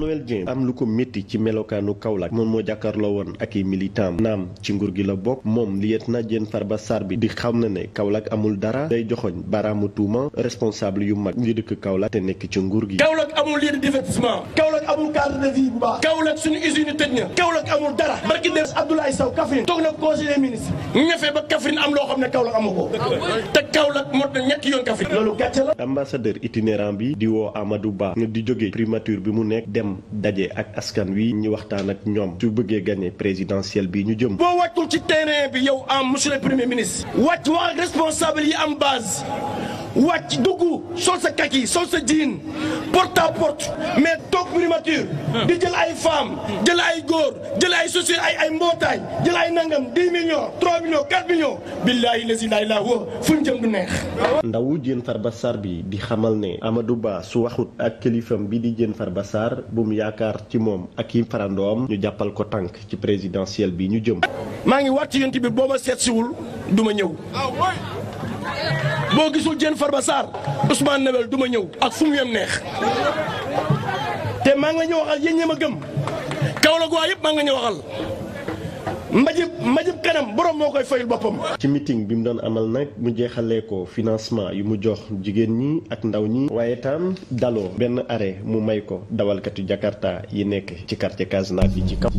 Noël Dieng am lu ko métti ci melokaanu Kaolack moom moo jàkkaarloo woon ak i militant naam ci nguur gi la bokk moom na lieutenant Diène ba Sarr bi di xam na ne Kaolack amul dara day joxoñ baraamu tuuma responsable yu mag yu dëkk Kaolack te nekk ci nguur gi. Kaolack amul lieu de divertissement. amul cadre de vie bu baax. Kaolack suñu usine tëj na. Kaolack amul dara. barki dem ah bi di woo Amadou Ba di jóge primature bi mu nekk dem daje ak askan wi ñu waxtaan ak ñoom su bëggee gagné présidentielle bi ñu jëm boo wàccul ci terrain bi yow am monsieur le ministre wàcc wax ak responsable yi am base wàcc dugg sol sa kaki sol sa jiin porte mais toog primature di jël ay femmes jël ay góor jël ay société ay mbootaay jël ay nangam 10 millions 3 millions 4 millions billaahi lasi laa ilaaha huwa fu ñu ndawu Diène Farba Sarr bi di xamal ne Amadou Ba su waxut ak kilifam bi di Diène Farba Sarr bu yaakaar ci moom ak yi farandoom ñu jàppal ko tànk ci présidentielle bi ñu jëm maa ngi wàcc yonti bi boo ma seetsiwul duma ñëw boo gisul Diène Farba ba Ousmane Noël du ma ñëw ak fu mu yem neex te maa nga la ñu waxal yéen ñi gëm Kaolack waa yëpp maa ngi la ñu waxal mbajib mbajib kanam borom moo koy fayul boppam. ci meeting bi mu doon amal nag mu jeexalee ko financement yu mu jox jigéen ñi ak ndaw ñi. waaye tam daloo benn arrêt mu may ko dawalkatu Jakarta yi nekk ci quartier Casenave bi ci kaw.